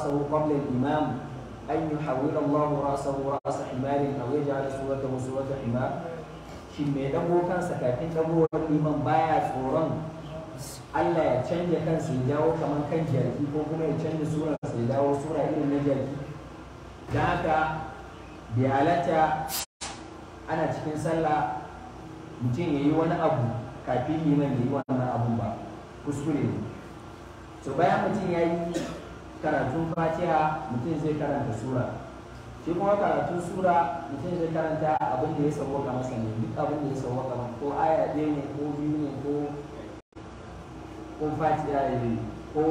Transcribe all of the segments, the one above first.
رأسه قبل الإمام أن يحول الله رأسه رأس حمار أو يجعل صورته صورة حمار shin mai dago kansa kafin dagowar liman baya tsoron Allah ya canja kansa ya kamar kan jarki ko kuma ya canja sura ya dawo irin na jarki da haka bai ana cikin sallah mutum ya yi wani abu kafin ya yi kuskure to mutum ya yi karatun fatiha mutum zai karanta sura shi kuma karatun sura mutum zai karanta abin da ya sauwaka masa ne duk abin da ya sauwa ga ko aya ɗaya ne ko biyu ne ko ko fatiha ne ko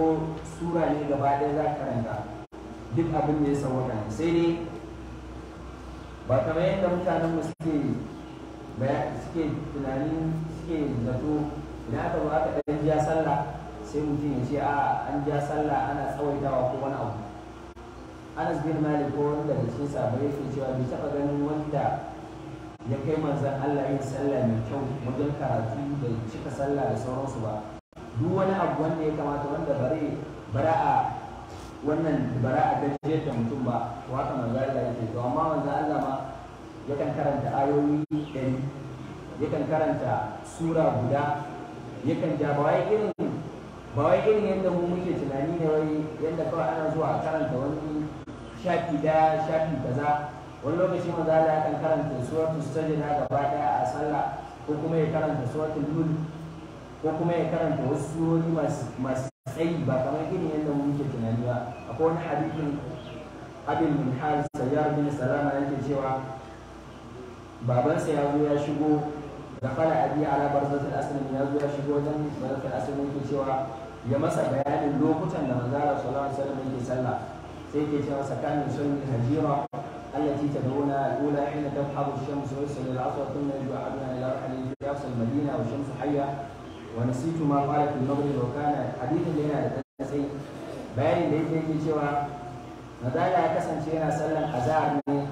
sura ne gaba ɗaya za ka karanta duk abin da ya sauwa ga sai dai ba kamar yadda mutanen mu suke suke tunanin suke zato idan aka ba aka ɗan jiya sallah sai mutum ya ce a an ja sallah ana tsawaitawa ko wani abu anas bin malik ko wanda da cikin sabai yake cewa bai taba ganin wanda ya kai manzan allah yin sallah mai kyau wajen karatu da cika sallah da sauransu ba duk wani abu wanda ya kamata wanda bare bara a wannan bara a gajiyar da mutum ba to haka manzan allah yake to amma manzan allah ma yakan karanta ayoyi ɗari yakan karanta sura guda yakan ja ba irin ba wai irin yadda mu muke tunani ne wai yadda kawai ana zuwa a karanta wani shafi da shafi kaza wani lokaci maza Allah ya kan karanta suratul sajda gaba daya a sallah ko kuma ya karanta suratul lul ko kuma ya karanta wasu surori masu tsayi ba kamar irin yadda mu muke tunani ba akwai wani hadithin abin min hal sayyar bin salama yake cewa babansa ya zo ya shigo da fara abi ala barzatul aslam ya zo ya shigo wajen barzatul aslam yake cewa ya masa bayanin lokutan da manzara sallallahu alaihi wasallam yake sallah sai ke cewa sakanin sunni hajira allati tad'una ula hina tadhhabu ash-shamsu wa sayyid al-asr kunna yu'aduna ila rahli yas al-madina wa shamsu hayya wa nasitu ma qala fi al-maghrib wa kana hadithun da yana da sai bayanin da yake cewa manzara ya kasance yana sallan azhar ne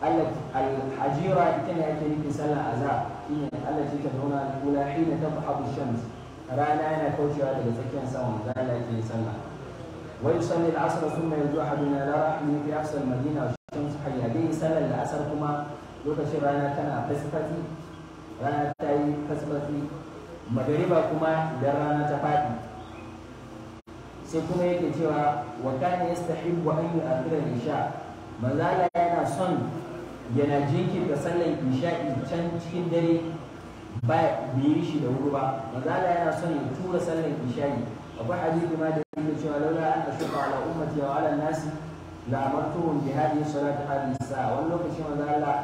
al-hajira ita ne ake yin sallar azhar shine allati tad'una ula hina tadhhabu ash-shamsu rana yana kaucewa daga tsakiyar sama za ke yake sallah wa yusalli Asar sun thumma zuwa ahaduna na rahmi fi aqsa madina wa shamsu hayya dai sallar da asar kuma lokacin rana tana fasfati rana ta yi fasfati magariba kuma da rana ta faɗi sai kuma yake cewa wa kana yastahibbu an yu'akhira al-isha manzo yana son yana jinkirta sallar isha'i can cikin dare ba yi shi da wuri ba mazala yana son ya tura sallar isha'i akwai hadisi ma da yake cewa laula an ashuka ala ummati wa ala nasi la amartuhum bi hadhihi salati hadhihi sa'a wani lokaci mazala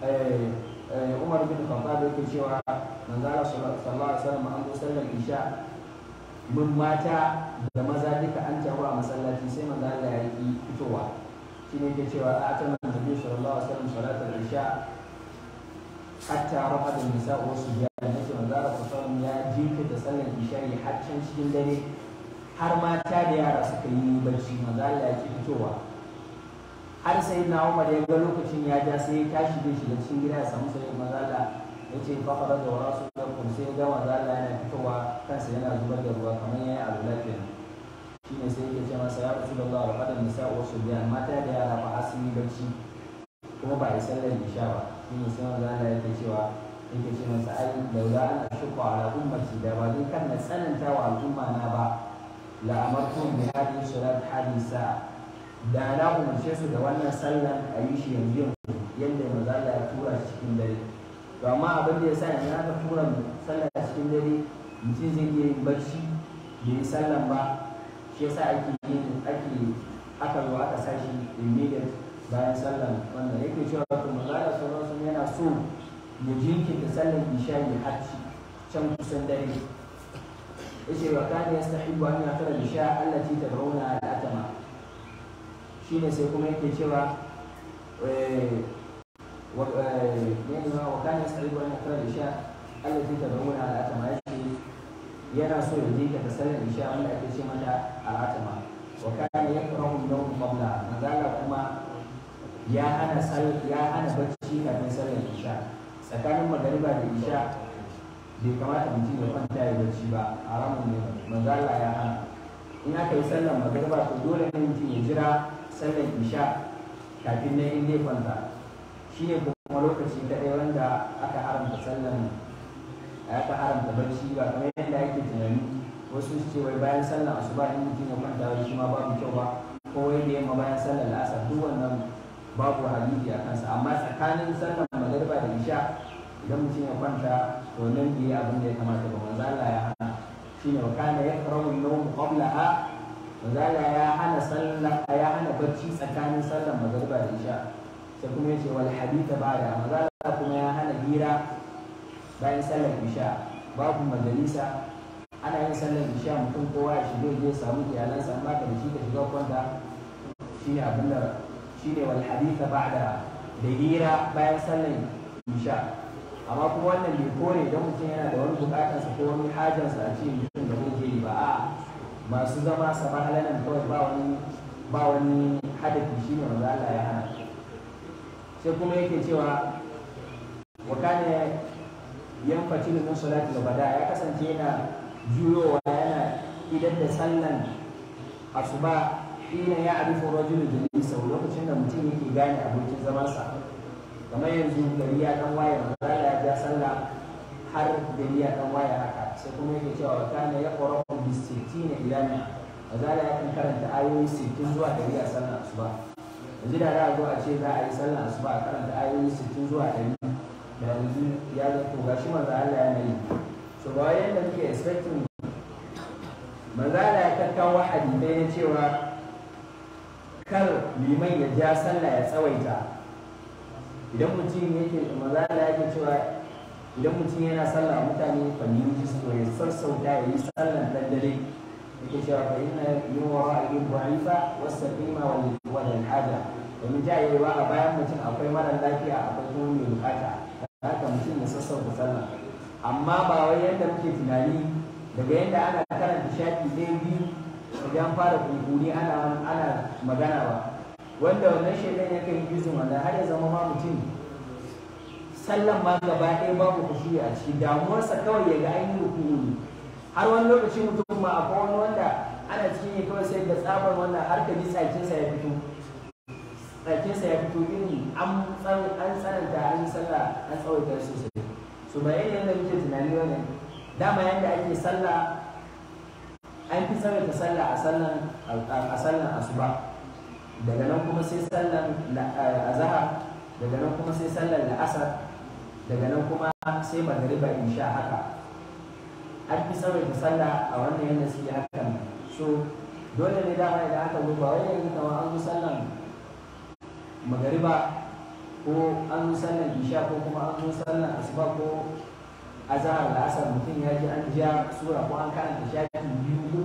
eh, eh, Umar bin Khattab yake cewa manzala sallallahu alaihi wasallam an sallar isha mun mata da maza duka an taru a masallaci sai manzala ya yi fitowa shine yake cewa a ta manzali sallallahu alaihi wasallam salatul isha hatta rafa da nisa wasu ya nake manzara kusan ya jinka da sallan isha'i har can cikin dare har mata da yara suka yi barci manzara ya ki fitowa har sai na umar ya ga lokacin ya ja sai ya tashi da shiga cikin gida ya samu sai manzara ya ce fa fara da wara su da kun sai ga manzara yana fitowa kansa yana zubar da ruwa kamar yayi abu lafiya shine sai ya ce masa ya rasulullah rafa da nisa wasu biya, mata da yara ba a sun yi barci kuma ba a yi sallan isha ba shi ne sai manzo Allah yake cewa yake ce masa ai laula an ashqa ala ummati da ba zai kan na tsananta wa al'umma na ba la amartu bi hadhihi salat hadisa da na umarce su da wannan sallar a yi shi yanzu yadda manzo Allah ya tura shi cikin dare to amma abin da ya sa yanzu aka tura sallar cikin dare mutum zai iya yin barci da yi sallan ba shi yasa ake yin ake aka zo aka sashi immediate bayan sallan wannan yake cewa to manzo Allah so mu jinkirta sallar isha ne har can kusan dare yace wa kana yastahibu an yakara isha allati tad'una al-atama shine sai kuma yake cewa eh, eh, wa kana yastahibu an yakara isha allati tad'una al-atama yace yana so ya jinkirta sallar isha wanda ake ce mata al-atama wa kana yakrahu an-nawm qabla kuma ya hana ya hana bacci kafin sallar tsakanin magariba da isha bai kamata mutum ya kwanta ya bacci ba a haramun ne manzala ya hana in aka yi sallar magariba to dole ne mutum ya jira sallar isha kafin nan in zai kwanta shi ne kuma lokaci kaɗai wanda aka haramta sallar aka haramta bacci ba kamar yadda ake tunani wasu su ce wai bayan sallar asuba in mutum ya kwanta wai shi ma babu kyau ba ko wai da yamma bayan sallar la'asar duk wannan babu hadisi a kansa amma tsakanin sallar da idan mutum ya kwanta to nan bai abin da ya kamata ba manzo ya hana ne wakana ya yakrahu yau mu kwamla manzo Allah ya hana sallah ya hana bacci tsakanin sallar magriba da isha sai kuma ya ce wal hadita ba da Allah kuma ya hana hira bayan sallar isha babu majalisa ana yin sallar isha mutum kowa ya shigo ya samu iyalansa amma ka da shi ka shiga kwanta ne abin da ne wal hadita ba'da da hira bayan sallar sha amma kuma wannan bai kore don mutum yana da wani sa ko wani hajarsa a cikin mutum da muke yi ba a masu zama sama halalan kawai ba wani ba wani hadafi shi ne wanda Allah ya hana sai kuma yake cewa wa yan yanfaci min salati da bada ya kasance yana juyowa yana idan da sallan asuba ina ya arifu rajulu sau lokacin da mutum yake gane abokin zamansa kamar yanzu gari ya dan waye za ya ja sallah har gari ya dan waye haka sai kuma yake cewa wa kana ya qara bi sittina ila Ba za ya kan karanta ayoyi sittin zuwa gari a sallar asuba yanzu da za a zo a ce za a yi sallar asuba a karanta ayoyi sittin zuwa gari da yanzu ya zato shi maza Allah ya nayi so ba yanda muke expecting maza ya kakkawo hadisai na cewa kar liman ya ja sallah ya tsawaita idan mutum yake maza da yake cewa idan mutum yana sallah mutane fannin jisko ya sassauta ya yi sallan dandare yake cewa fa inna yuwa wa ayyub wa'ifa wasaqima wa lil haja domin ta yi ba a bayan mutum akwai mara lafiya akwai kuma mai bukata haka mutum ya sassauta sallah amma ba wai yadda muke tunani daga yadda ana karanta shafi ɗaya biyu idan fara kunkuri ana magana ba wanda wannan shaidan ya kai bizin wanda har ya zama ma mutum sallan ma gaba ɗaya babu kushi a ciki damuwarsa kawai ya ga an yi rukuni har wani lokaci mutum ma akwai wani wanda ana cikin ya kawai sai da tsabar wanda har ka ji tsakinsa ya fito tsakinsa ya fito irin an tsananta an yi sallah an tsawaita sosai su ba yanayin yadda muke tunani wannan dama yadda ake sallah an fi tsawaita sallah a sallan asuba daga nan kuma sai sallar azhar daga nan kuma sai sallar la'asar daga nan kuma sai magariba in sha haka an fi saurin sallah a wannan yadda suke hakan so dole ne dama idan aka zo ba wai yanzu kamar an zo sallar magariba ko an zo sallan isha ko kuma an zo sallan asuba ko azhar da asar mutum ya ji an ja sura ko an karanta shafi biyu uku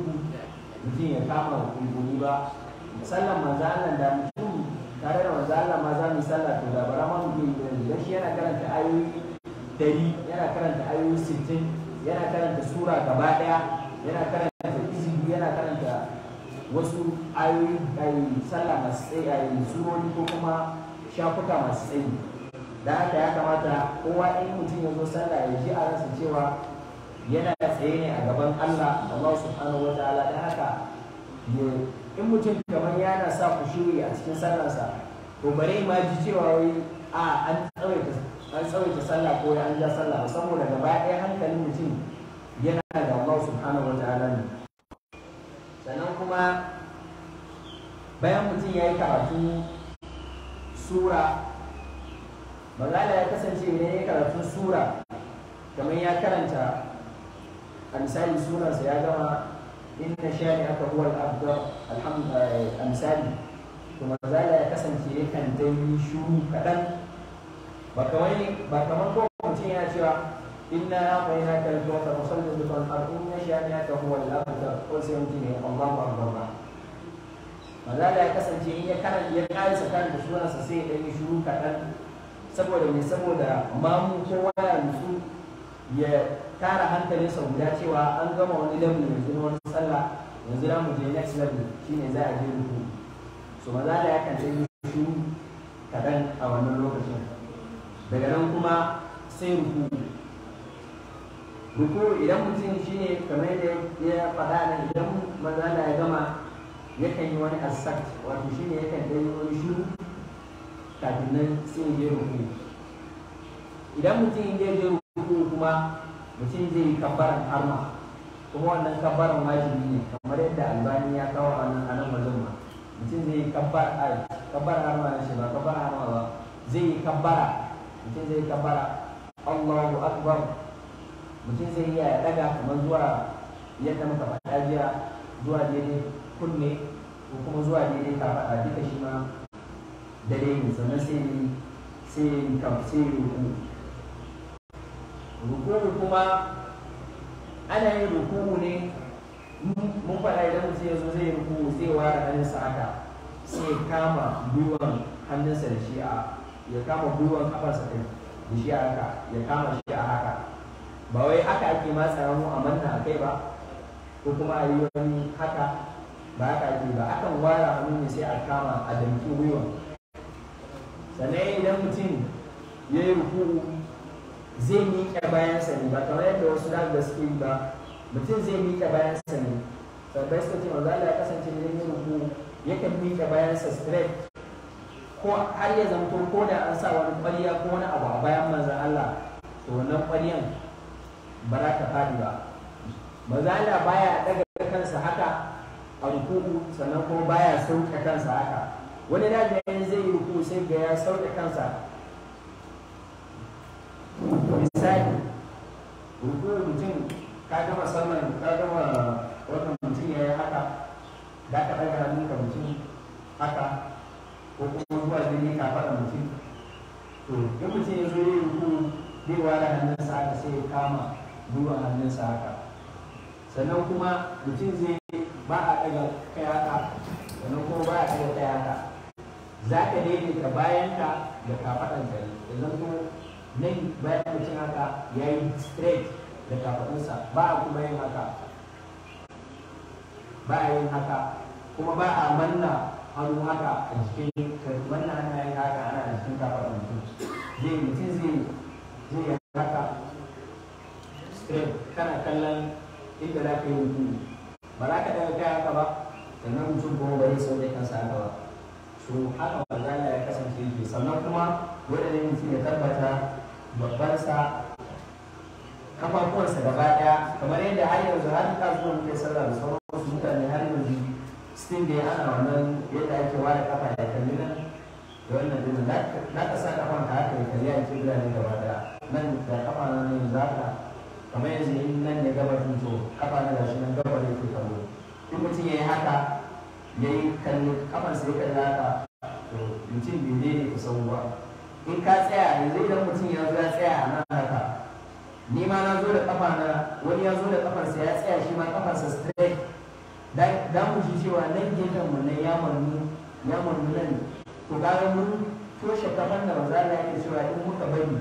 mutum ya kama rukuni ba sallan maza Allah da mutum tare da manzo Allah ma za mu sallah to da bara ma mu da da shi yana karanta ayoyi dari yana karanta ayoyi sittin yana karanta sura gaba daya yana karanta izini yana karanta wasu ayoyi sallah masu tsayi ayi suroni ko kuma shafuka masu tsayi da haka ya kamata kowa in mutum ya zo sallah ya ji a rasa cewa yana tsaye ne a gaban Allah Allah subhanahu wa ta'ala da haka in mutum kamar yana sa ku kushuri a cikin sallarsa to bare ma ji cewa wai a an tsawaita an tsawaita sallah ko an ja sallah saboda gaba ɗaya hankalin mutum yana da Allah subhanahu wa ta'ala ne sannan kuma bayan mutum ya yi karatu sura magana ya kasance ne ya karatu sura kamar ya karanta a misali sunansa ya gama inna shani'aka huwa al-abdar alhamdulillah amsali to mazala ya kasance yakan dai shuru kadan ba ba kamar ko ya cewa inna amaina kal kawthar wa sallu bi qal ar inna shani'aka huwa al-abdar ko sai mutum ne Allahu akbar ba mazala ya kasance in ya karanta ya karanta da sai ya dai shuru kadan saboda me saboda mamu kowa ya nutsu ya tara hankalinsa guda cewa an gama wani level ya zuwa wani sallah yanzu za mu je next level shine za a je ruku so maza da yakan sai yi su kaɗan a wannan lokacin daga nan kuma sai ruku ruku idan mutum shine kamar da ya faɗa na idan maza da ya gama yakan yi wani assert wato shine yakan kan yi wani shiru kafin nan sai ya je ruku idan mutum ya je ruku ruku kuma mutum zai yi kabbaran arma kuma wannan kabbaran wajibi ne kamar yadda albani ya kawo a nan anan wajen ma mutum zai yi kabbaran arma na shi ba kabbaran arma ba zai yi kabbara mutum zai yi kabbara Allahu akbar mutum zai iya ya daga kamar zuwa yadda muka faɗa jiya zuwa daidai kunne ko kuma zuwa daidai kafaɗa duka shi ma dare ne sannan sai sai sai ruku rukunu kuma ana yin rukunu ne mun faɗa idan mutum ya zo zai yi ruku'u zai ware hannun haka sai kama gwiwan hannunsa da shi a ya kama gwiwan kafarsa kai da shi a haka ya kama shi a haka ba wai haka ake matsa ramu a manna a kai ba ko kuma a yi wani haka ba haka ake ba akan ware hannu ne sai a kama a damki gwiwan sannan idan mutum ya yi rukunu zai miƙe bayansa ne ba kamar yadda wasu da ga suke ba mutum zai miƙe bayansa ne sabbai suka ce a ya kasance da yin ruku yakan miƙe bayansa straight ko har ya zanto ko da an sa wani ƙwarya ko wani abu a bayan manzan Allah to wannan ƙwariyan ba za ta faɗi ba manzan Allah baya ɗaga kansa haka a rukuku sannan kuma baya sauƙa kansa haka wani da zai yi ruku sai ga ya sauke kansa misali rukuwar mutum ka gama sallan ka gama wannan mutum ya yi haka za ka ɗaga hannun ka mutum haka ko kuma zuwa jini ka faɗa mutum to in mutum ya zo ya yi rukuwar zai ware hannunsa haka sai ya kama gwiwa hannunsa haka sannan kuma mutum zai ba a ɗaga kai haka sannan kuma ba a ɗaga kai haka za ka ka bayanka da kafaɗan gari da kuma? nan bayan mutum haka ya yi straight da kafaɗinsa ba a kuma yin haka ba a yin haka kuma ba a manna hannu haka a cikin wannan ana yin haka ana a cikin kafaɗin mutum zai mutum zai zai yi haka straight kana kallon inda za ka yi mutum ba za ka daga kai haka ba sannan mutum kuma ba zai da kansa haka ba to haka wanda ya kasance yake sannan kuma wanda ne mutum ya tabbata babbansa kafafuwansa gaba daya kamar yadda har yanzu har ta zuwa muke sallah da sauran wasu mutane har yanzu sun da ana wannan yadda ake ware kafa ya kalli nan da wannan dinin na ka sa kafan ka haka ya kalli a cikin birane gaba daya nan da kafa na nan za ka kamar yanzu in nan ne gabar din to kafa na gashi nan ne ke kallo in mutum ya yi haka ya yi kalli kafansa ya kalli haka to mutum bai ne ne kusan ba in ka tsaya yanzu idan mutum ya zo ya tsaya a nan haka ni ma na zo da kafa na wani ya zo da kafarsa ya tsaya shi ma kafarsa straight da mu ji cewa nan gefen mu nan ya murmu ya murmu nan to gara mun toshe kafan da maza Allah yake cewa in muka bari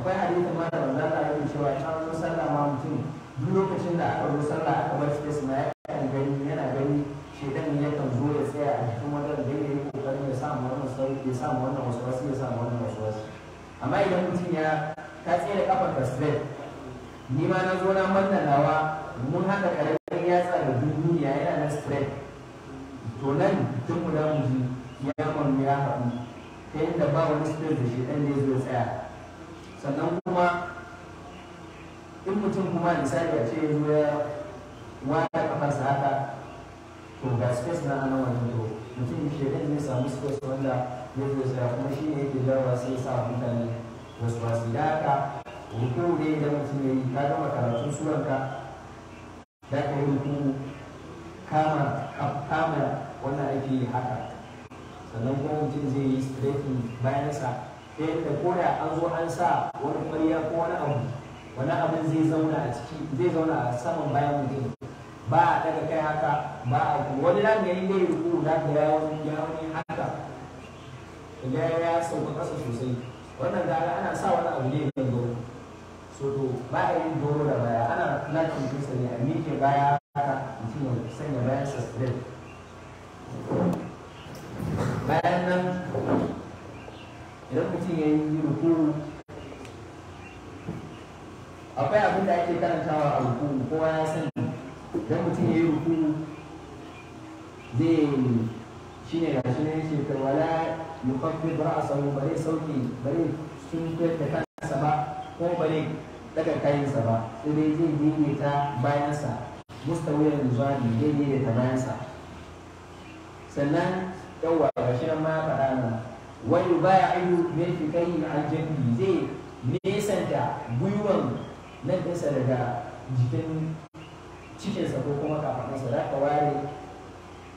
akwai hadisi ma da banza Allah yake cewa ta zo sallah ma mutum duk lokacin da aka zo sallah aka bar space ma ya kan gani yana gani shedan ya kan zo ya tsaya a cikin wannan da ya yi kokarin ya samu wannan sauki ya samu wannan amma idan mutum ya ta tsere kafar ta ni ma na zo na mallalawa mun haka karamin yatsa da duniya yana na spread to nan tun mu da mu ya mamu ya haɗu ta yadda ba wani spread da shi ɗan ya zo tsaya sannan kuma in mutum kuma misali a ce ya zo ya wani kafarsa haka to ga space na ana wani to mutum shi ɗan ne samu space wanda ya zo zira kuma shi ne yake jawa sai ya sa mutane wasu wasu da haka rukun da mutum ya yi ka gama karatun suranka da ka yi rukun kama kama wannan ake haka sannan kuma mutum zai yi straightening bayansa ta yadda ko da an zo an sa wani ƙwarya ko wani abu wani abin zai zauna a ciki zai zauna a saman bayan mutum ba a daga kai haka ba a wani lamari zai rubu za ka ya wani haka da ya ya sauka ƙasa sosai wannan gara ana sa wani abu ne mai doro so to ba a yin doro da baya ana lakin kusa ne a miƙe baya haka mutum ya sanya bayan sa bayan nan idan mutum ya yi rukuru akwai abin da ake karantawa a rukuru kowa ya sani idan mutum ya yi rukuru zai shi ne ga shi ne yake wala yufaffid ra'sahu bare sauki bare sun da kansa ba ko bare daga kayansa ba sai zai zai ta bayansa mustawiyar zuwani zai ta bayansa sannan yawwa ga shi ma faɗa nan wani baya ayu mai fi kai aljanni zai nesanta gwiwan na ɗinsa daga jikin cikinsa ko kuma kafaɗansa za ka ware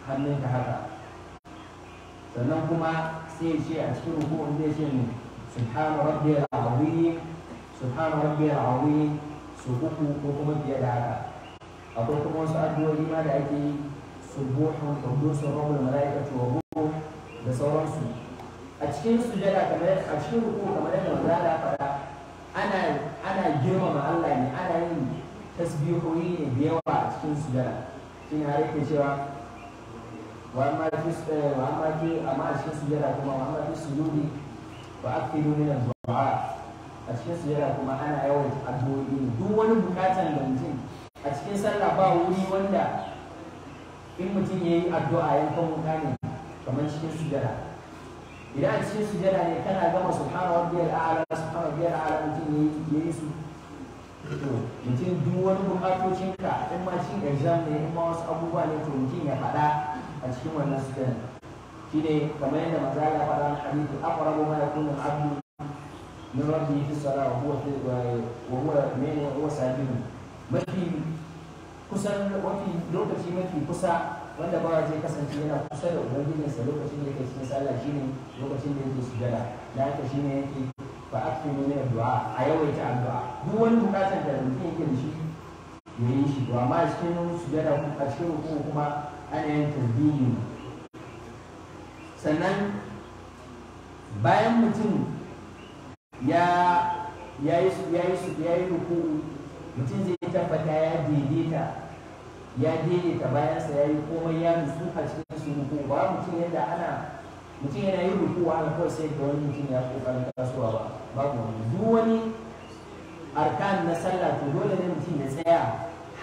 hannunka haka sannan kuma a cikin rukun zai ce subhana rabbiyal azim subhana rabbiyal azim su uku ko kuma fiye da haka akwai kuma wasu addu'o'i ma da ake yi subuhun qudusun rabbul malaikatu wa ruh da sauransu a cikin sujada kamar a ana girmama Allah ne ana yin tasbihohi da a cikin sujada shine har cewa وأما في وأما في أما أشكي سجرة in mutum ya yi addu'a yankan wuta ne kamar cikin sujada idan a cikin sujada ne kana gama subhana rabbiyal a'la subhana rabbiyal a'la mutum ya yi su mutum duk wani bukatocin ka in ma cin exam ne in ma wasu abubuwa ne to mutum ya faɗa a cikin wannan sittin shi ne kamar yadda maza ya faɗa na hadisi aqrabu ma yakunu al-abdu min rabbihi fi salah wa huwa fi wa huwa min huwa sajidun mafi kusan mafi lokaci mafi kusa wanda bawa zai kasance yana kusa da ubangijinsa lokacin da yake cikin sallah ne lokacin da yake sujada da haka ne yake a cikin wani addu'a a yawaita addu'a duk wani bukatar da mutum yake da shi ya yi shi to amma cikin sujada a cikin hukumu kuma sannan bayan mutum ya ya yi ya yi ya yi ruku'u mutum zai tabbata ya daidaita ya daidaita bayansa ya yi komai ya nutsu a cikin su ruku'u ba mutum yadda ana mutum yana yin ruku'u a kawai sai ga wani mutum ya kokarin kasuwa ba ba ku wani duk wani arkan na sallah to dole ne mutum ya tsaya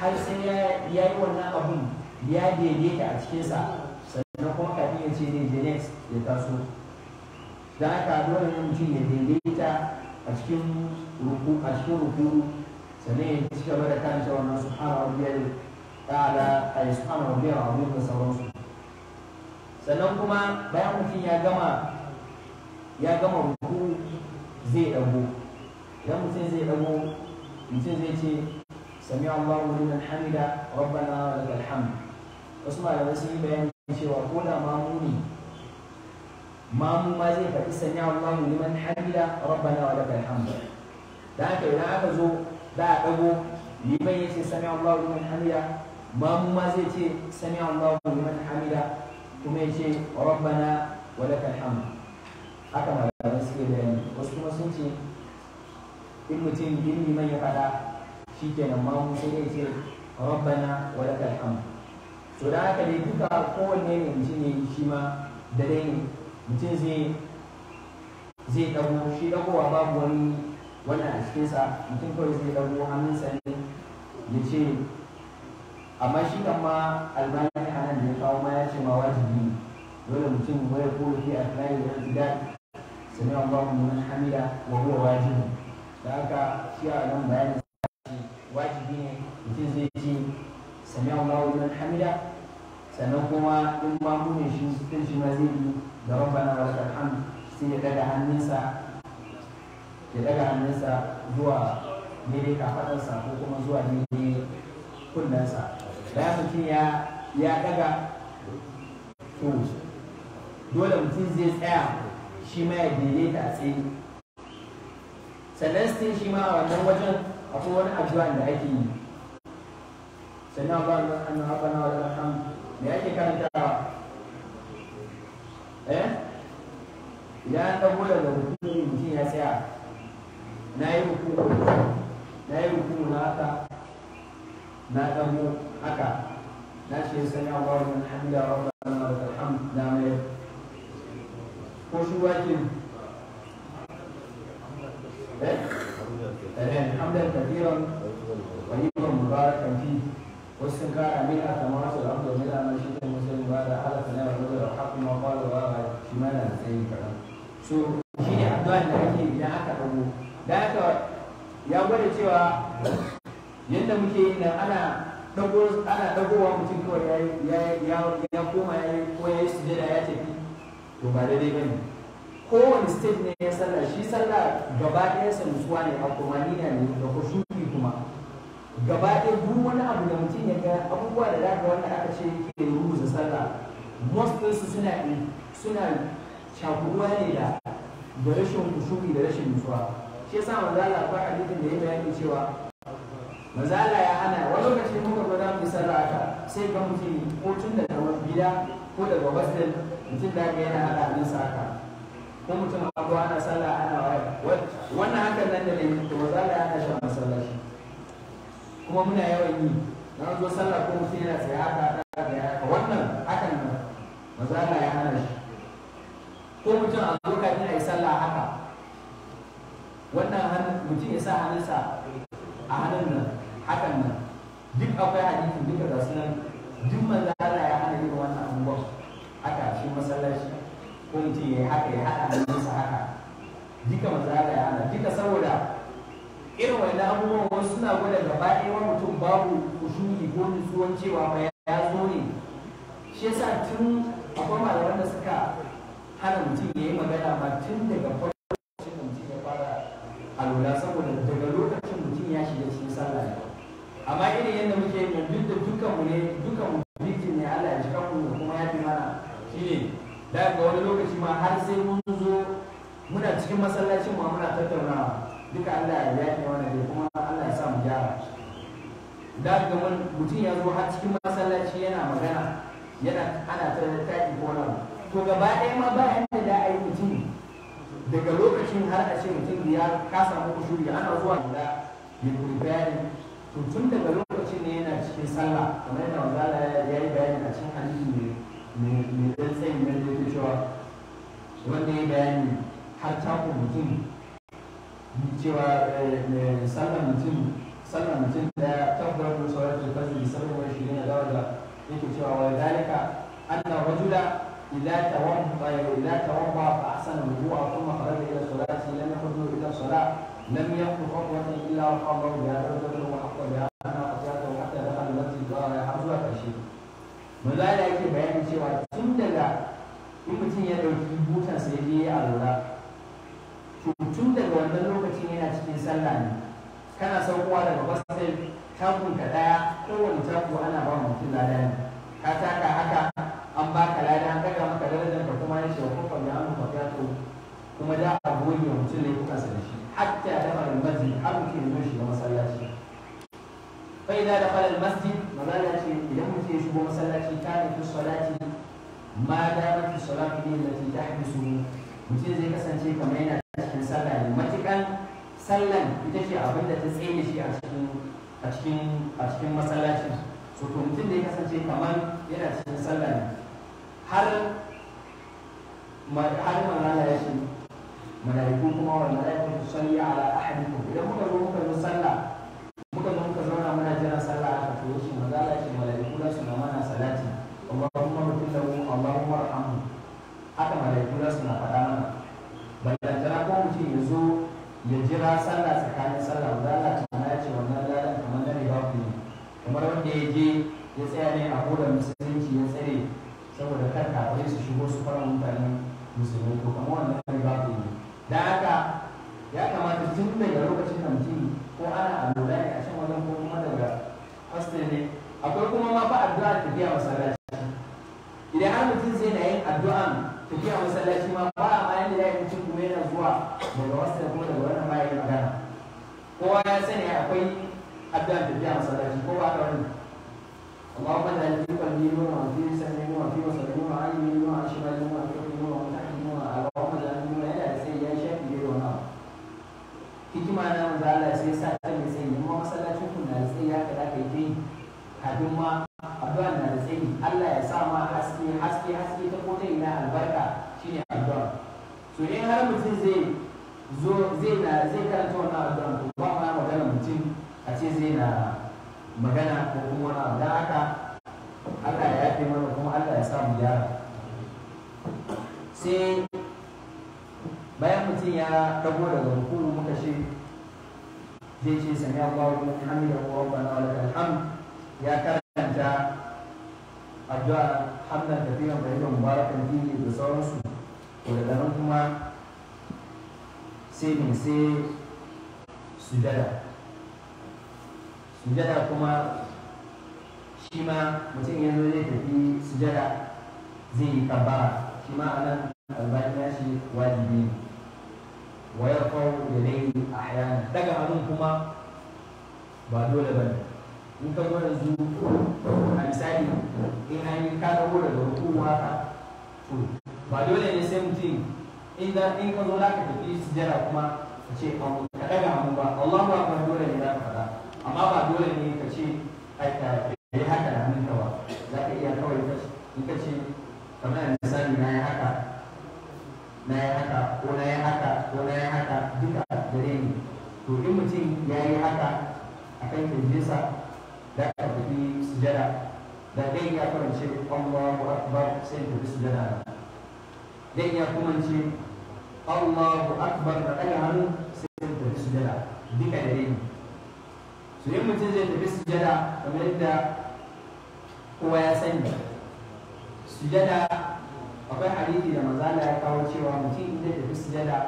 har sai ya yi wannan abun ya daidaita a cikinsa sannan kuma ka iya ce ne je next ya taso don haka dole ne mutum ya daidaita a cikin ruku a cikin ruku sannan ya ci gaba da kanta wannan subhana rabbiyal ta'ala ay subhana a azim da sauransu sannan kuma bayan mutum ya gama ya gama ruku zai dago idan mutum zai dago mutum zai ce sami Allahu liman hamida rabbana wa lakal hamd wasu malamai sun yi bayanin cewa ko da mamu ne mamu ma zai faɗi sanya Allahu liman hamida rabbana wa lakal hamd da haka idan aka zo da a dago liman yace sami Allahu liman hamida mamu ma zai ce sami Allahu liman hamida kuma yace rabbana wa lakal hamd haka ma da malamai suke bayani wasu kuma sun ce in mutum in liman ya faɗa shikenan mamu sai ya ce rabbana wa lakal hamd to da haka dai duka kowanne ne mutum ne shi ma da dai ne mutum zai zai dago shi dagowa babu wani wannan a cikinsa mutum kawai zai dago hannunsa ne ya ce amma shi kan ma albani a nan da ya kawo ma ya ce ma wajibi dole mutum waya ko fi a kirayi da zidal sami an babu mun hamida wa huwa wajibi da haka shi a nan bayanin wajibi ne mutum zai ce sami Allahu liman hamida sannan kuma in ma mu shi kan shi ma zai yi da rabbana wa lakal hamd sai ya daga hannunsa ya daga hannunsa zuwa daidai kafadarsa ko kuma zuwa daidai kunnensa da mutum ya ya daga to dole mutum zai tsaya shi ma ya daidaita a tsaye sannan sai shi ma wannan wajen akwai wani addu'a da ake yi سمع الله ان ربنا ولك الحمد لأنك أنت eh idan an dago daga hukumi mutum ya tsaya na yi hukumu na yi hukumu na haka na dago haka na ce sani a wawon nan hamida rabbana wa lakal na mai ko shi wake eh hamdan kafiran wa yi mubarakan fi وسن كان مئة ثمرات الأرض ومنها من شئت المسلم بعد حدث لنا الرجل الحق ما قال وراء شمالا سيد كلام so shi ne addu'a da ake idan aka ɗago da ya gwada cewa yadda muke yi nan ana ɗago mutum kawai ya ya ya koma ya ko ya yi sujada ya tafi to ba daidai ba ne kowane stage ne ya sallah shi sallah gaba ɗaya nutsuwa ne a kuma da kuma gaba ɗaya duk wani abu da mutum ya ga abubuwa da daga wanda aka ce yake rubuta sallah most ɗinsu suna suna shakuruwa ne da da rashin kushuri da rashin nutsuwa shi yasa manzala akwai hadisin da ya bayani cewa manzala ya hana wani lokaci muka ga za mu yi sallah aka, sai ga mutum ko tun da daga gida ko daga hostel mutum da yana haɗa sa haka ko mutum abu ana sallah ana wannan hakan nan da ne to manzala ya hana shi masallaci kuma muna yawan yi na zo sallah ko mutum yana tsaye haka haka da haka wannan hakan nan maza Allah ya hana shi ko mutum a zo kafin yi sallah haka wannan mutum ya sa hannunsa a hannun nan hakan nan duk akwai hadisi duka zasu nan. duk manzo Allah ya hana irin wannan abubuwan haka shi masallaci ko mutum ya yi haka ya haɗa hannunsa haka duka manzo Allah ya hana duka saboda irin wannan abubuwan wasu suna gwada gaba ɗaya mutum babu kushuri ko nutsuwan cewa ba ya zo ne shi yasa tun akwai malaman da suka hana mutum ya yi magana ba tun daga farkon mutum ya fara alwala saboda daga lokacin mutum ya shiga cikin sallah amma irin yadda muke yi duk da dukkan mu ne dukkan mu bikin ne Allah ya ji kanmu kuma ya fi mana shine da ga wani lokaci ma har sai mun zo muna cikin masallacin ma muna tattaunawa duka Allah ya yi wannan dai kuma Allah ya sa mu gyara da ga mutum ya zo har cikin masallaci yana magana yana ana ta taki ko nan to gaba ɗaya ma ba yanda da ai mutum daga lokacin har a ce mutum ya ka samu kushuri ana zuwa da ya kuri bayani to tun daga lokacin ne yana cikin sallah kamar yana wazala ya yi bayani a cikin hadisi ne mai dan tsayin da yake cewa wanda ya bayani har takun mutum cewa sallar mutum sallar mutum da tabbar da sauran da fasi sallar shi ne da wanda yake cewa wa dalika anna rajula idza tawamma idza tawamma fa ahsana wudu'a thumma kharaja ila salati lam yakhruj ila salat lam yaqul khutwatan illa wa qala ya rabbi wa haqqan ya ana qatiyata wa hatta dakhala al-masjid ya hazwa kashi mun yake bayani cewa tun daga in mutum ya dauki butan sai ya yi a lura tun daga wannan lokacin yana cikin sallah ne kana saukowa daga basir takun ka daya kowane tabu ana ba mutum lada ne ka taka haka an baka lada an daga maka darajar ka kuma ya shawo kofar da an kuma da a goge mutum ne kuka sa da shi hatta ya dama almasjid har mutum ya shiga masallaci fa da dakhala masjid magana ce idan mutum ya shigo masallaci ta nufi salati ma da mafi salati ne da ta hadisu mutum zai kasance kamar yana a cikin sallah ne matukan sallan ita ce abin da ta tsaye shi a cikin a cikin a cikin masallacin so to mutum da ya kasance kamar yana cikin sallah ne har har manala ya shi. malaiku kuma wa malaiku su salli ala ahadikum idan muka zo muka zo sallah muka zo muka zauna muna jira sallah aka to shi manala ya ce malaiku za su na mana salati Allahumma rabbil alamin Allahumma arhamhu haka malaiku za su na faɗa jira sanda tsakanin sallah wanda Allah ta ce wannan lalata kamar na riba ku ne kamar wanda ya je ya tsaya ne a hudan musulunci ya tsare saboda kan kafirai su shigo su fara mutanen musulmi ko kamar wannan riba ku ne da haka ya kamata tun daga lokacin da mutum ko ana alula ne a can wajen ko kuma daga hostel ne akwai kuma ma fa addu'a tafiya masallaci idan har mutum zai na yin addu'a tafiya masallaci ma ba a ma yanda ya yi mutum kuma yana zuwa Daga da kuma daga wannan ma'aikin magana kowa ya sani akwai abin tafiya masallaci ko ba ka amma kuma da yanzu kan yi nuna mafi san ne nuna mafi masa nuna an yi nuna an shiga nuna mafi kuma nuna mafi kuma nuna a ba kuma da yanzu nuna yana da sai ya shafi ne wani abu hikima na mu zala sai sa ta mai sai ne kuma masallacin kun da sai ya kada kai yi kafin ma na da sai Allah ya sa ma haske haske haske ta kotai na albarka shine abuwa to in har mutum zai zo zai na zai karanta wannan addu'a to ba ma magana mutum a ce zai na magana ko kuma wani abu dan haka Allah ya yafe mana kuma Allah ya sa mu gyara sai bayan mutum ya dago daga rukuru muka ce zai ce sami Allahu hamidahu wa rabbana wa lakal hamd ya karanta addu'a hamdan kafiran bayyana mubarakan fihi da sauransu to daga nan kuma sai mai sai sujada sujada kuma shi ma mutum yanzu zai tafi sujada zai yi kabara shi ma a nan albani ya shi wajibi ne wa ya kawo da rai a hayana daga hannun kuma ba dole ba ne in ka zo yanzu a misali in an yi ka dago daga hukuma ka to ba dole ne sai mutum in za in ka zo za ka tafi sujjada kuma ka daga hannu ba Allahu akbar dole ne za ka faɗa amma ba dole ne ka ce ai ka yi haka da hannunka ba za ka iya kawai in ka ce kamar misali ko na yi haka duka dare to in mutum ya yi haka a kan da ka da sai ka tafi sujjada dai ya kuma ce Allahu akbar da ɗaga hannu sai ya tafi sujada duka da rini su yi mutum zai tafi sujada kamar yadda kowa ya sani sujada akwai hadithi da mazala ya kawo cewa mutum zai tafi sujada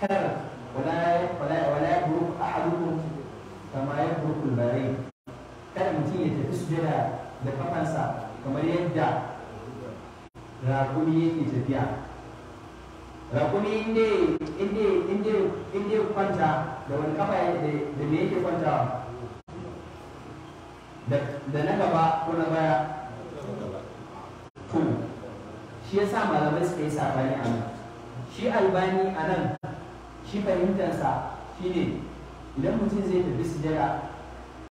kar wala ya buru a hadukum kama ya buru kulbarai kar mutum ya tafi sujada da kafansa kamar yadda rakumi yake tafiya rakumi inda inda inda inda kwanta da wani kafa da me yake kwantawa da na gaba ko na baya to shi yasa malamai suka yi sabani a nan shi albani a nan shi fahimtarsa shine idan mutum zai tafi sujada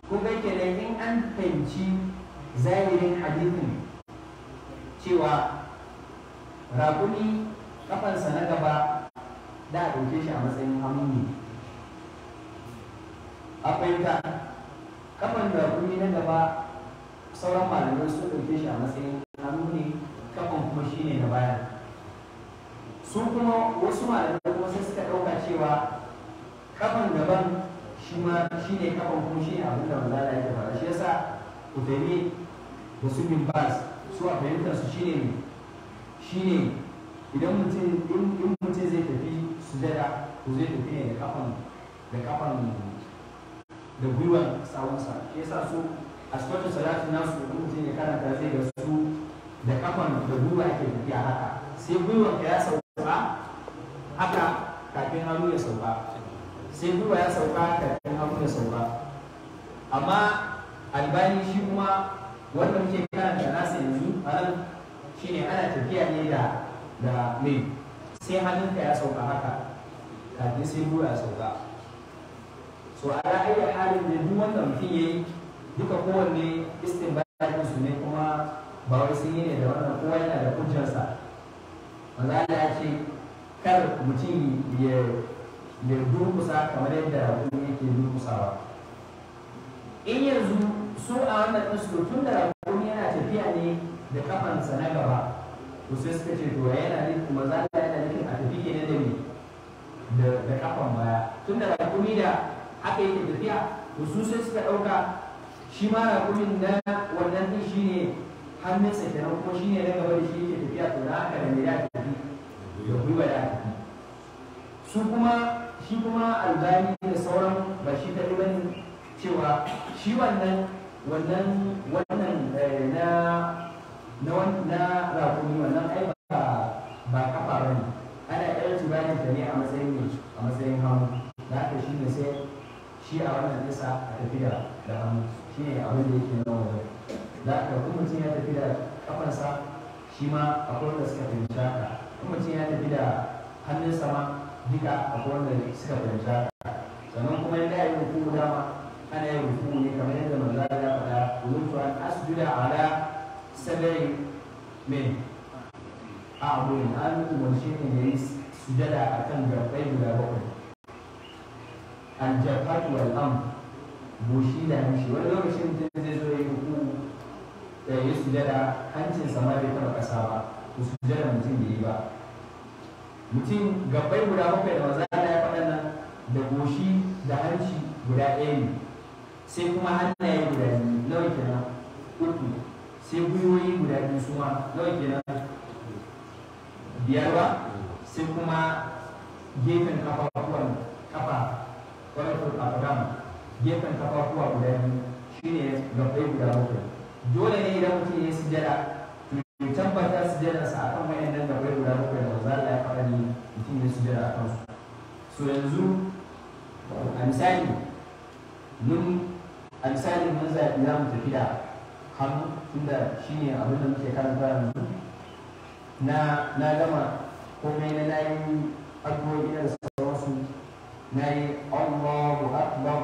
ko kai kenan in an fahimci zahirin hadithin cewa rakuni kafansa na gaba da a ɗauke shi a matsayin hannu ne a fahimta kafan da kuma na gaba sauran malamai sun ɗauke shi a matsayin hannu ne kafan kuma shi ne na baya su kuma wasu malamai kuma sai suka ɗauka cewa kafan gaban shi ma shi ne kafan kuma shi ne abin da maza da ya faɗa shi yasa ku da su bin bas su a fahimtar su shi ne shi ne idan mutum in mutum zai tafi sujada to zai tafi ne da kafan da kafan da gwiwan sawunsa ke yasa su a cikin salatu nasu in mutum ya karanta zai ga su da kafan da gwiwa ake tafiya haka sai gwiwan ka ya sauka haka kafin hannu ya sauka sai gwiwa ya sauka kafin hannu ya sauka amma albani shi kuma wanda muke karanta nasa yanzu a nan shine ana tafiya ne da da me sai hannunka ya sauka haka kafin sai ruwa ya sauka so a ra'ayi halin da duk wanda mutum ya yi duka kowanne istinbatin su ne kuma ba wai sun yi ne da wannan kowa yana da hujjarsa maza Allah ya ce kar mutum ya ya durkusa kamar yadda rakun yake ba. in yanzu su a wannan ɗin tun da rakun yana tafiya ne da kafansa na gaba to suka ce to yana nufin maza da yana nufin a tafi ke da me da kafan baya tun da rakumi da haka yake tafiya to sai suka ɗauka shi ma rakumin na wannan din shi ne hannun kenan kuma shi ne na gaba da shi yake tafiya to na haka da me da tafi da gwiwa da tafi su kuma shi kuma albani da sauran ba shi ta cewa shi wannan wannan wannan shi a wannan nisa a tafiya da hannu shi ne abin da yake nan wajen za ka ɗauki mutum ya tafi da kafansa shi ma akwai wanda suka fahimci haka kuma mutum ya tafi da hannunsa ma duka akwai wanda suka fahimci haka sannan kuma in da yi hukumu dama ana yin ruku ne kamar yadda manzo ya faɗa su an asjuda ala sadai min a abun an umarce ne yi sujada akan garbai guda bakwai aljabhat wal am bushi da hanci wani lokacin da zai zo ya ruku da ya sujada hancin sa ma bai taba kasa ba ko sujada mutum bai yi ba mutum gabbai guda bakwai da maza ya faɗa nan da goshi da hanci guda ɗaya ne sai kuma hannaye guda biyu nawa kenan uku sai gwiwoyi guda biyu su ma nawa kenan biyar ba sai kuma gefen kafafuwan kafa falafin akram gefen kafafuwa guda biyu shine gabbai guda bakwai dole ne idan mutum ya sujada to ya tabbata sujada sa akan wayannan gabbai guda bakwai da manzo Allah ya faɗa ni mutum ya sujada akan su so yanzu a misali mun a misali mun zaɓi za mu tafi da hannu da shi ne abin da muke karanta yanzu na na gama ko komai na nayi abubuwan irin na yi allahu akbar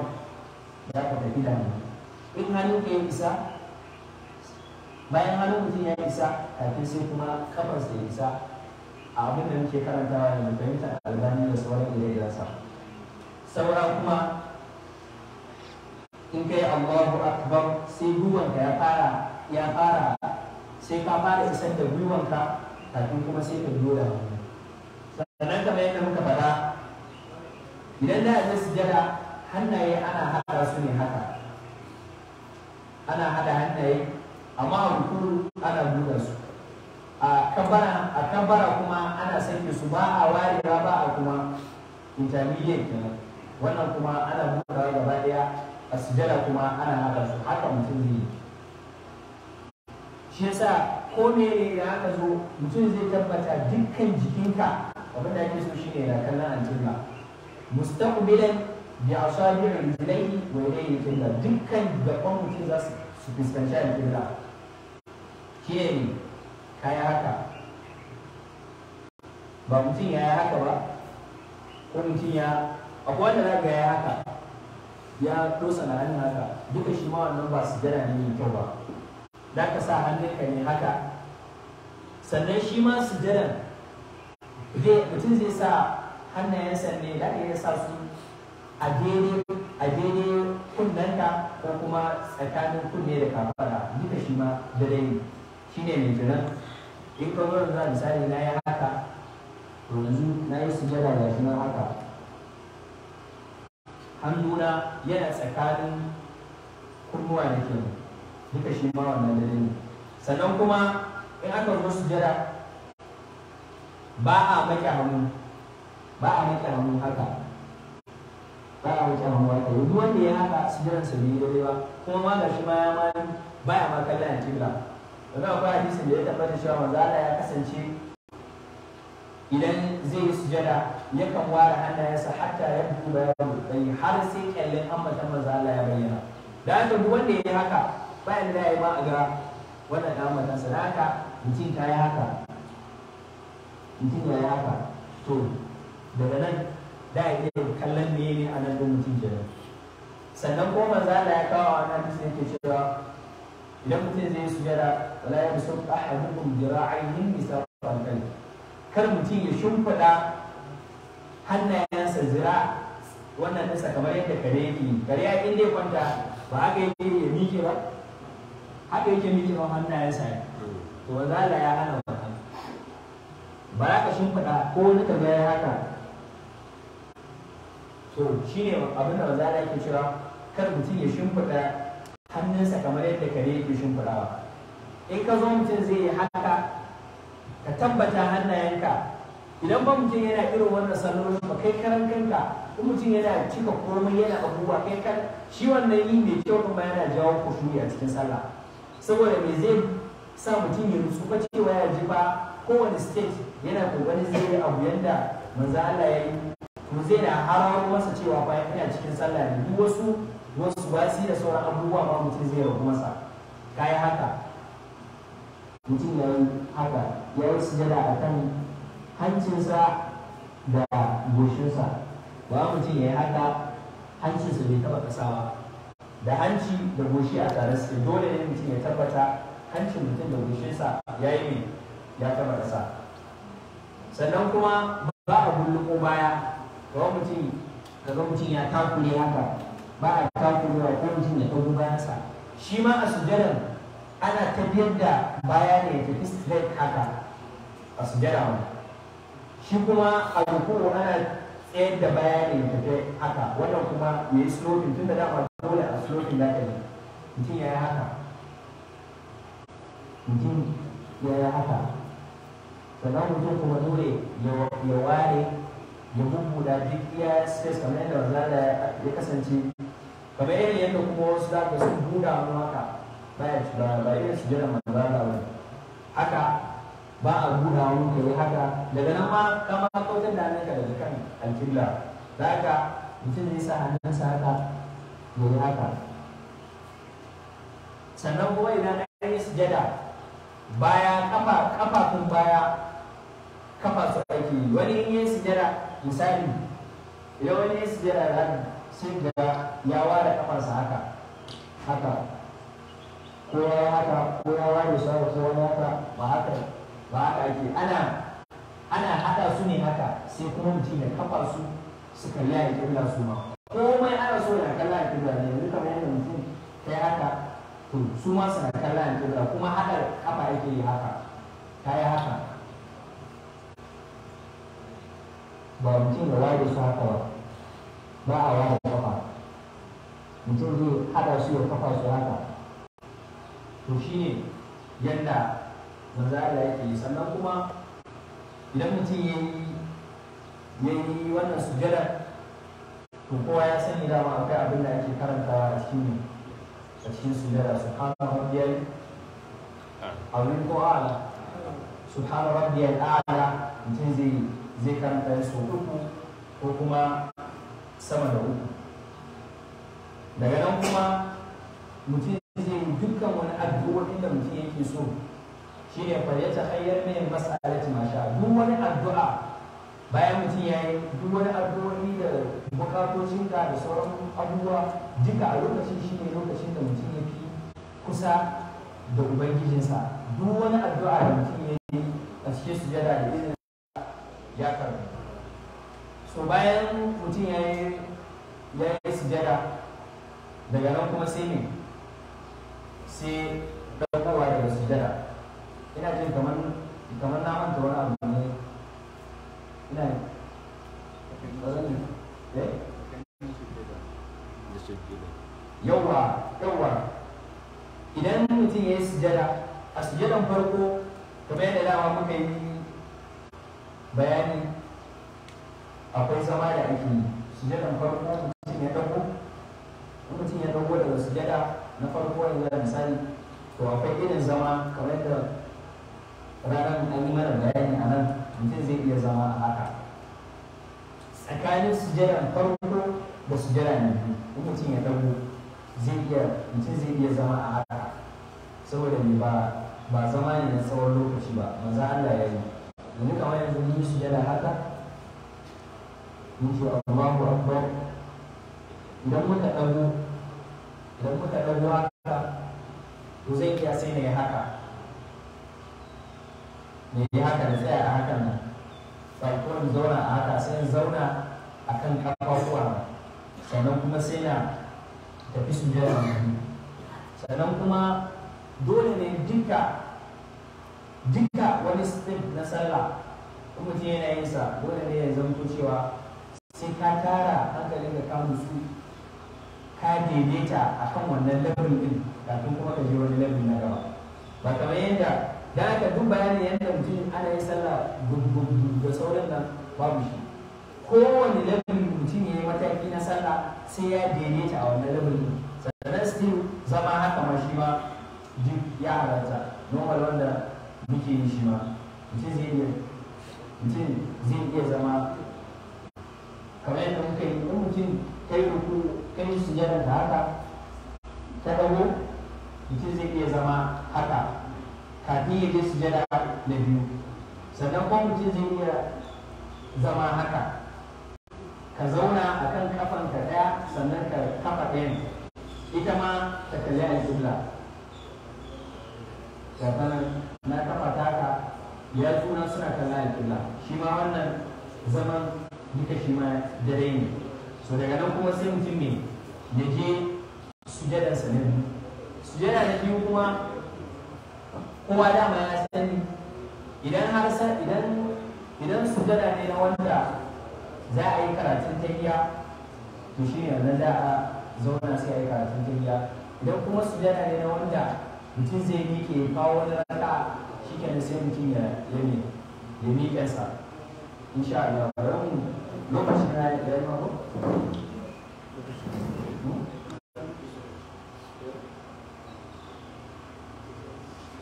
ya ka tafi da isa bayan hannun mutum ya isa kafin sai kuma kafarsa ya isa a abin da muke karantawa da fahimtar da saura kuma in kai allahu akbar sai gwiwanka ya fara ya sai ka fara kafin kuma sai ka biyo da hannu sannan idan za a sijada, hannaye ana haɗa su ne haka ana haɗa hannaye amma a rukuru ana buɗe su a kabara a kuma ana sanya su ba a ware ba a kuma intermediate kenan wannan kuma ana buɗewa gaba ɗaya a sujada kuma ana haɗa su haka mutum ne. shi yasa ko ne ya haka zo mutum zai tabbata dukkan jikinka abin da ake so shine na kallon antilla mustaqbilan bi asabi'i rijlaihi wa yadayhi qibla dukkan da kuma mutum za su fuskanci al-qibla ke kai haka ba mutum ya yi haka ba ko mutum ya akwai wanda za ga ya haka ya dosa na hannun haka duka shi ma wannan ba su jira ne mai kyau ba za ka sa hannunka ne haka sannan shi ma su jira mutum zai sa hannayensa ne da ya sa su a daidai kunnanta ko kuma tsakanin kunne da kafara duka shi ma da ne shi ne mai jiran in ka zo za misali na yi haka yanzu na yi sujada da shi haka hannuna yana tsakanin kunnuwa da ke duka shi ma wannan da ne sannan kuma in aka zo sujada ba a maƙi hannu ba a rike hannu haka ba a rike hannu haka duk wanda ya haka sijiran sa bai dai ba kuma ma ga shi ma ya ma baya ma kallon kibla domin akwai hadisin da ya tabbata cewa manzo Allah ya kasance idan zai yi sujada kan ware hannayensa hatta ya fito bayan bai har sai kyallin ambatan manzo Allah ya bayyana da haka duk wanda ya yi haka bayan da ya ma a ga wannan dan ambatan sa haka mutum ta yi haka mutum ya yi haka to daga nan da ya kallon me ne a nan don mutum kenan sannan ko manza da ya kawo a nan sai yake cewa idan mutum zai sujada wala ya musu ahadukum dira'aihi misafan kai kar mutum ya shimfida hannayensa zira wannan nasa kamar yadda kare yake kare ya inda ya kwanta ba haka yake ya miƙe ba haka yake miƙe ba hannayensa to wanzala ya hana wannan ba za ka shimfida ko wani kamar ya haka to shine abin da a yake cewa kar mutum ya shimfiɗa hannunsa kamar yadda kare yake shimfiɗawa in ka zo mutum zai yi haka ka tabbata hannayenka idan ba mutum yana irin wannan sallolin ba kai karan kanka in mutum yana cika komai yana abubuwa kai kan shi wannan yi mai kyau kuma yana jawo kushuri a cikin sallah saboda me zai sa mutum ya rusu ba cewa ya ji ba kowane stage yana kokarin zai yi abu yanda manzo Allah ya yi to zai da hararo masa cewa bayan ina cikin sallah ne duk wasu wasu wasi da sauran abubuwa ba mutum zai rabu masa ka yi haka mutum ya yi haka ya yi sujada a kan hancinsa da goshinsa ba mutum ya yi haka hancinsa bai taɓa kasawa da hanci da goshi a tare suke dole ne mutum ya tabbata hancin mutum da goshinsa ya yi ne ya taɓa ƙasa sannan kuma ba a bulluko baya ga mutum ga mutum ya takure haka ba a takurewa ko mutum ya ɗago bayansa shi ma a sujjadan ana tafiyar da baya ne ya tafi straight haka a sujjada ma shi kuma a rukuku ana tsayar da baya ne ya tafi haka wannan kuma ya yi slopin tun da dama dole a slopin da yi. mutum ya yi haka mutum ya yi haka sannan mutum kuma dole ya ware ya bubbuda duk iya space kamar yadda da ya kasance kamar yadda yadda kuma wasu za ka sun buɗa mu haka baya shiga ba irin su jiran manzala ba haka ba a buɗa mu kai haka daga nan ma kama kautar da ka daga kan alkibla za ka mutum ne sa sa haka ya haka sannan kuma idan an yi sujada baya kafa kafafun baya kafa su ake wani in yi sujada misali idan wani ya sujjada rami sai ga ya ware kafarsa haka haka ko ya haka ko ya ware su haka ko haka ba haka ba haka ake ana ana haɗa su ne haka sai kuma mutum da kafa su su kalli a kibla su ma komai ana so na kalla a kibla ne yanzu kamar yadda mutum ta yi haka to su ma suna kalla a kibla kuma haɗa kafa yake yi haka ta yi haka ba mutum ya ware su haka ba ba a ware kafa mutum zai hada su ya kafa su haka to shi ne yadda manzo Allah yake yi sannan kuma idan mutum ya yi ya yi wannan sujada to kowa ya sani dama akwai abin da ake karanta a cikin a cikin sujada subhana rabbiyal azim ah. kowa ala su subhana rabbiyal ala mutum zai yi zai karanta ya sau uku ko kuma sama da uku daga nan kuma mutum zai yi dukkan wani addu'o'in da mutum yake so shi ne fayyata hanyar mai masalati masha duk wani addu'a bayan mutum ya yi duk wani addu'o'i da bukatocin da da sauran abubuwa duka a lokacin shi ne lokacin da mutum ya fi kusa da ubangijinsa duk wani addu'a da mutum ya yi a cikin sujada da izinin ya karanta so bayan mutum ya yi ya yi sujada daga nan kuma sai ne sai ɗaukowa daga sujada ina jin kamar kamar na manta wani abu ne ina ba zan yi eh idan mutum ya yi sujada a sujadan farko kamar yadda dama muka yi bayani akwai zama da ake yi sujadan farko mutum ya dago mutum ya dago daga sujada na farko yanzu misali to akwai irin zama kamar da ranar an yi mana bayani a nan mutum zai iya zama a haka tsakanin sujadan farko da sujada na biyu kuma mutum ya dago zai iya mutum zai iya zama a haka saboda ba ba zama ne na tsawon lokaci ba manzo Allah ya yi yanzu kamar yanzu mun yi sujada haka mun ce Allahu Akbar idan muka ɗago idan muka ɗago haka to zai iya sai na yi haka ne yi haka da tsaya a hakan nan farkon zauna a haka sai in zauna a ƙafafuwa sannan kuma sai na tafi sujada sannan kuma dole ne duka duka wani step na sallah kuma mutum yana yin sa dole ne ya zamto cewa sai ka tara hankalin da ka musu ka daidaita kan wannan level din kafin kuma ka je wani labirin na gaba ba kamar yadda da aka duk bayanin yadda mutum ana yin sallah gudugudu da sauran nan babu shi kowane level mutum ya yi mataki na sallah sai ya daidaita a wannan level din sannan still zama haka ma shi ma duk ya halarta normal wanda muke yi shi ma mutum zai iya zama kamar yadda muka yi in mutum ta yi ruku kai jaran da haka ta dago mutum zai iya zama haka kafin ya je sujada na biyu sannan kuma mutum zai iya zama haka ka zauna a kan kafan ɗaya sannan ka kafa ɗayan ita ma ta kalli a daga na kafa taka ya tuna suna kan layin kula shi ma wannan zaman duka shi ma dare ne so daga nan kuma sai mutum ne ya je sujada sanin sujada da biyu kuma kowa dama ya sani idan har sa idan idan sujada ne na wanda za a yi karatun tahiya to shi ne wannan za a zauna sai a yi karatun tahiya idan kuma sujada ne na wanda mutum zai miƙe kawo wani raka shi da sai mutum ya yami ya miƙe sa insha Allah ran lokacin na ya yi mako hmm?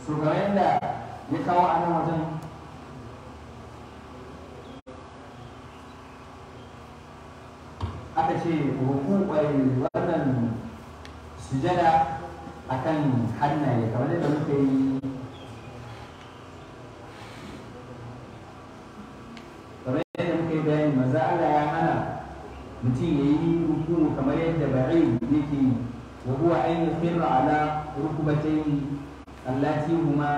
so kamar yadda ya kawo a nan wajen aka ce ruku wannan sujada a kan hannaye kamar yadda muka yi kamar yadda muka bayani maza Allah ya hana mutum ya yi rukunu kamar yadda ba'i yake yi wa huwa an yusirra ala rukubatayhi allati huma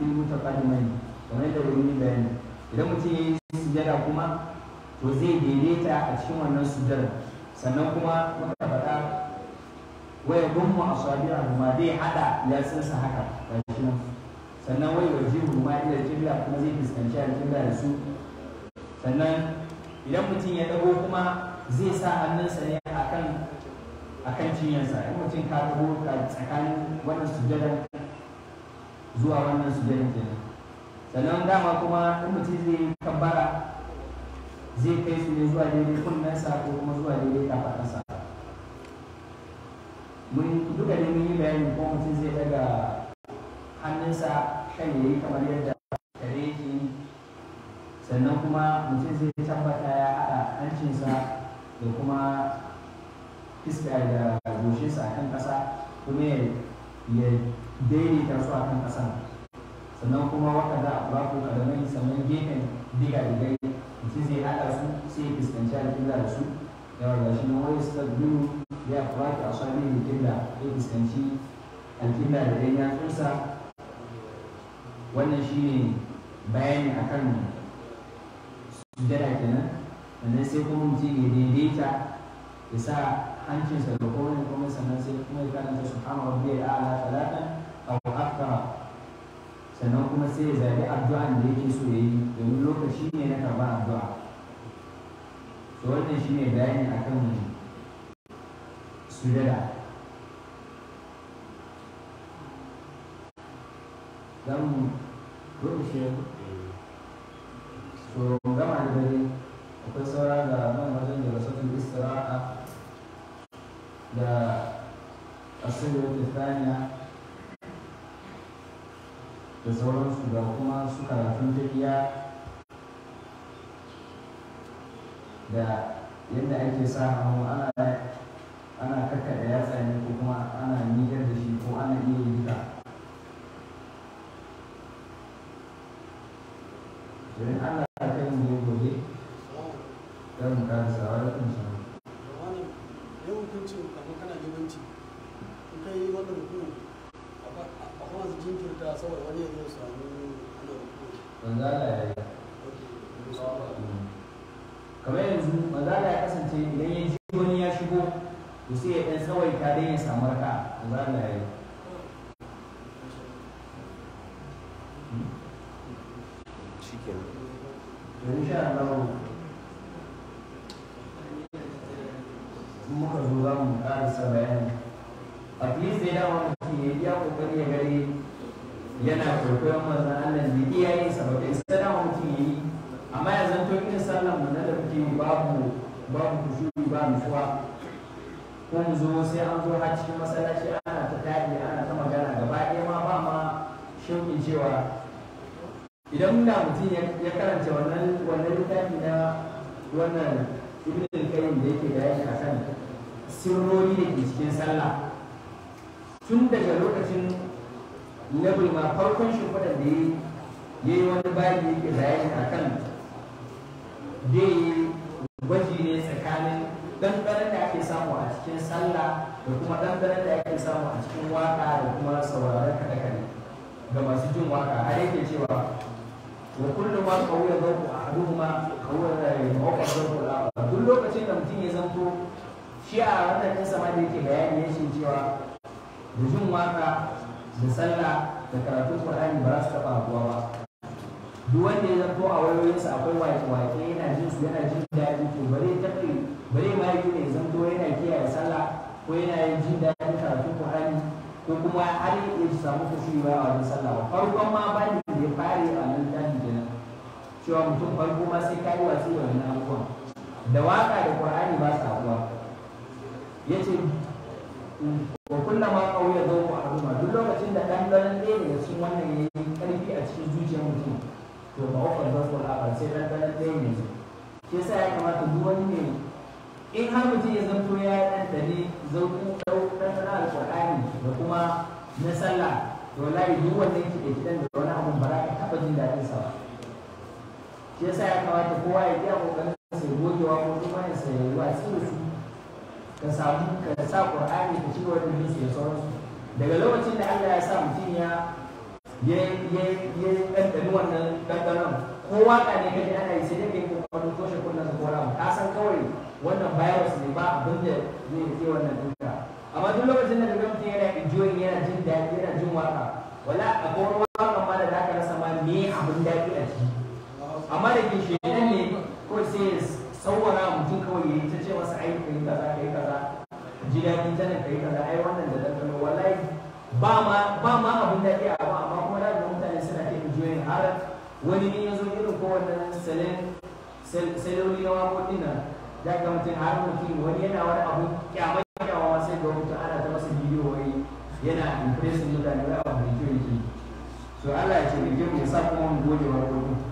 fil mutaqaddimain kamar yadda mun yi bayani idan mutum ya yi sujada kuma to zai daidaita a cikin wannan sujada sannan kuma muka waya gummu a sabiya ma zai hada yatsunsa haka gashi nan sannan wai wajihu ma ila jibla kuma zai fuskanci aljibla da su sannan idan mutum ya dago kuma zai sa hannunsa ne akan akan cinyarsa in mutum ka dago tsakanin wannan sujjadan zuwa wannan sujjadan kenan sannan dama kuma in mutum zai yi kabbara zai kai su ne zuwa daidai kunnensa ko kuma zuwa daidai kafaɗarsa mun duka ne mun yi bayani ko mutum zai daga hannunsa kan yayi kamar yadda kare yake sannan kuma mutum zai tabbata ya haɗa hancinsa da kuma iska da goshinsa a kan ƙasa kuma ya daidaita su a kan ƙasan sannan kuma wata za a ba ko ƙaramin sannan gefen diga da digai mutum zai haɗa su sai ya fuskanci alƙibla da su yawa ga shi na wani suka biyu ya kamata a sha mai kibla ya fuskanci alkibla da dai ya tsursa wannan shi ne bayani a kan sujada kenan sannan sai kuma mutum ya daidaita ya sa hancinsa da kowane kuma sannan sai kuma ya karanta su hama wadda ya ala talata a haka sannan kuma sai ya zaɓi addu'an da yake so ya yi domin lokaci ne na karɓar addu'a to wannan shi ne bayani akan sujada zan rushe so gama da dare akwai saura ga wajen da rasatun istira'a da asirin tistaniya da sauransu da kuma su karatun tafiya da yadda ake sa hannu ana ana kakkaɗe yatsa ne ko kuma ana nijar yawa mutum ya iya kokari ya gare yana kokarin manzon Allah da iya yin sa ba sana wa mutum yi amma ya zanto irin sallan mu na da mutum babu babu kushuri ba nutsuwa ko mu zo sai an zo har cikin masallaci ana ta ana ta magana gaba ɗaya ma ba ma shauƙin cewa idan muna mutum ya karanta wannan wannan littafi na wannan ibn al-qayyim da yake a akan sirrori da ke cikin sallah tun daga lokacin na gulma farkon shimfiɗar da ya yi wani bayan yake bayani a kan da yi gwaji ne tsakanin ɗanɗana da ake samu a cikin sallah da kuma ɗanɗana da ake samu a cikin waƙa da kuma sauraron kaɗe-kaɗe ga masu jin waƙa har yake cewa wa kullum ma kawo ya zauku a haduhuma kawai da ya mawaka zauku da duk lokacin da mutum ya zanto shi a wannan ɗin sama da yake bayani ya cewa da jin waka da sallah da karatun qur'ani ba za su taba abuwa ba duk wanda ya zanto a wayoyinsa akwai wake-wake yana jin su yana jin daɗi to bare tafi bare ma yake ne zanto yana kiyaye sallah ko yana yin jin daɗin karatun qur'ani ko kuma har ya samu kusuri ba a wajen sallah ba farkon ma ba ne da ya fare a nan tashi kenan cewa mutum farko ma sai kayi yi watsi da abubuwan da waka da qur'ani ba su abuwa yace mm, in wannan ya yi ƙarfi a cikin zuciyar mutum to ba ofar za su ba sai ɗan ɗan ɗaya ne shi yasa ya kamata duk wani ne in har mutum ya zanto ya yi ɗan ɗane zauƙin ɗan alƙur'ani da kuma na sallah to wallahi duk wannan kiɗe kiɗan da wani abun ba za ka taɓa jin daɗin sa ba ke yasa ya kamata kowa ya iya ƙoƙarin sai gogewa ko kuma ya sai ruwa su ka samu ka sa ƙur'ani ka ci gaba da bin da sauransu daga lokacin da Allah ya sa mutum ya ya ya ɗanɗani wannan ɗanɗanon ko waƙa ne kaji ana yi sai dai kai kokarin toshe kunnen ko ramu ka san kawai wannan virus ne ba abin da zai yi wannan duka amma duk lokacin da kaga mutum yana enjoy yana jin daɗi yana jin waƙa wala a wani waƙa ma da zaka rasa ma me abin daɗi a ciki amma da ke shekan ne ko sai sauwara mutum kawai ya yi ta ce masa ai yi kaza kai kaza ji daɗi tana yi kaza ai wannan da ɗanɗano wallahi ba ma abin daɗi a ba wani ne ya zo irin kowanne saloli na waƙoƙi na ya ga mutum har mutum wani yana wani abu kyamai kyawawa sai ga mutum ana ta masa bidiyo wai yana impressive mutane wai abu mai kyau yake so Allah ya ce mu ya sa kuma mu gode wa